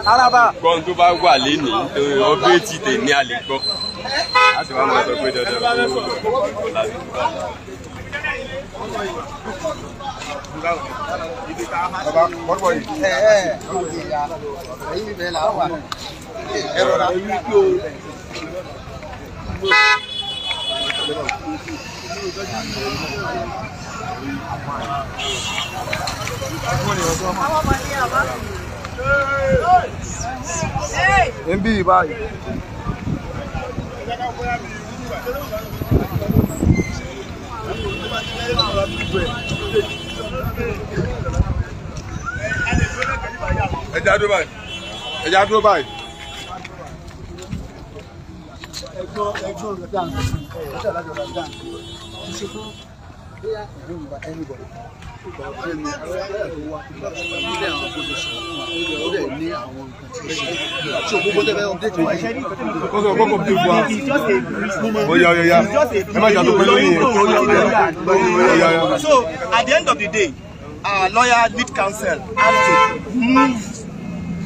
gbọ́n tó bá wà lẹ́nu ọbẹ̀tì tè ní alẹ́ gbọ́ a sì máa ń sọ pé dandan kó o lábẹ́ ìgbà. Bàbá bọ́dọ̀ yìí ń bí báyìí. ẹja dúró báyìí ẹja dúró báyìí. ẹgbọ́n ẹgbọ́n rẹ̀ dáhùn ẹ̀ṣẹ̀ lájọba dáhùn ṣe fún. So at the end of the day our lawyer need counsel how to move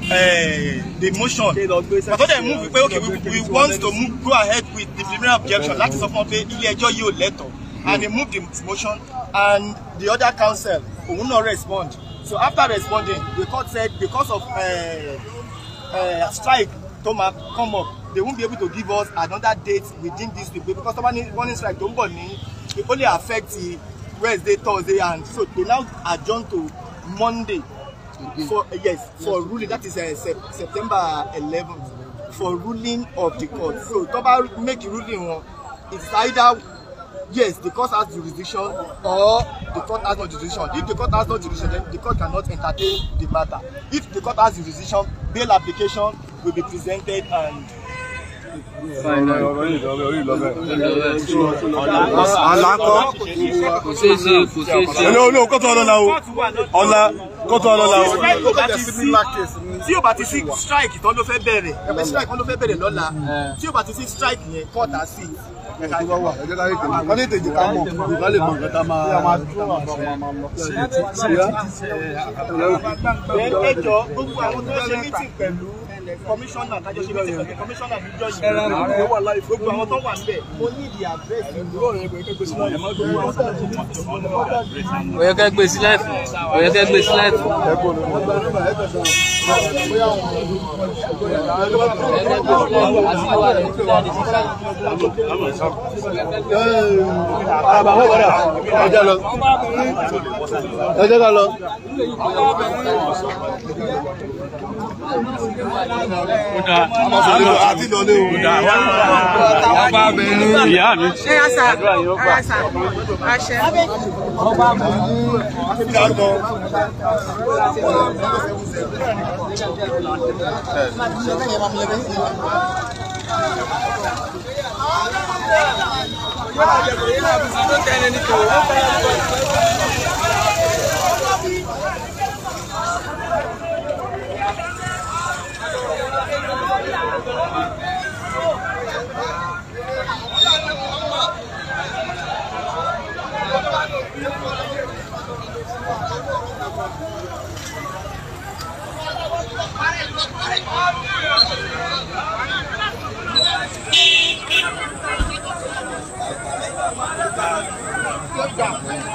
uh, the motion but ó dẹ̀ move pé okay we, we want to move, go ahead with the preliminary objection That is fún ọ pé ilé ẹjọ́ yóò Mm-hmm. and he moved the motion and the other council òun not respond so after responding the court said because of uh, uh, strike tó come up they won't be able to give us another date within this week because someone is running strike Don't go bọ̀ it only affects the wednesday thursday and so they now adjourn to monday okay. for uh, yes for yes. ruling that is uh, sep september eleven for ruling of the court so to make ruling it's either yes the court has jurisdiction or the court has no jurisdiction if the court has no jurisdiction then the court cannot entertain the matter if the court has jurisdiction bail application will be presented and. ọ̀la kọ́ ẹ̀lẹ́ olú kótó ọlọ́la o ọ̀la kótó ọlọ́la o. tí o bá ti sí strike tán ló fẹ́ bẹ̀rẹ̀ eh. tí o bá ti sí strike yẹn kọ́ta sí ẹ̀sùn lọ́wọ́ ká lè tètè ká mọ̀ ká lè mọ̀ nǹkan gbogbo àwọn tó ṣe mítìn pẹ̀lú kọmíṣánná kájọṣe bẹ́ẹ̀ kọmíṣánná àbújọ yìí ààrẹ wà láì gbogbo àwọn tó wà níbẹ̀ mo ní ìdí àdírẹ́sì ìlú ọ̀rẹ́ ẹgbẹ́ kẹgbẹ́ ká lọ kódà àti lọlé o kódà ọba abẹni ìyá mi. ẹyà sà ẹyà sà àṣẹ. ọba abẹni. Thank you.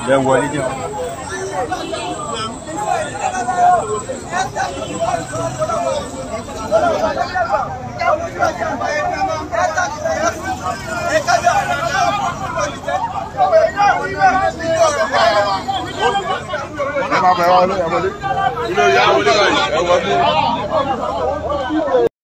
lẹ wọlé jẹ. Thank you. ẹ máa bẹ̀rẹ̀ wọlé ẹ wọlé ilé ìyá wọlé báyìí ẹ wọlé.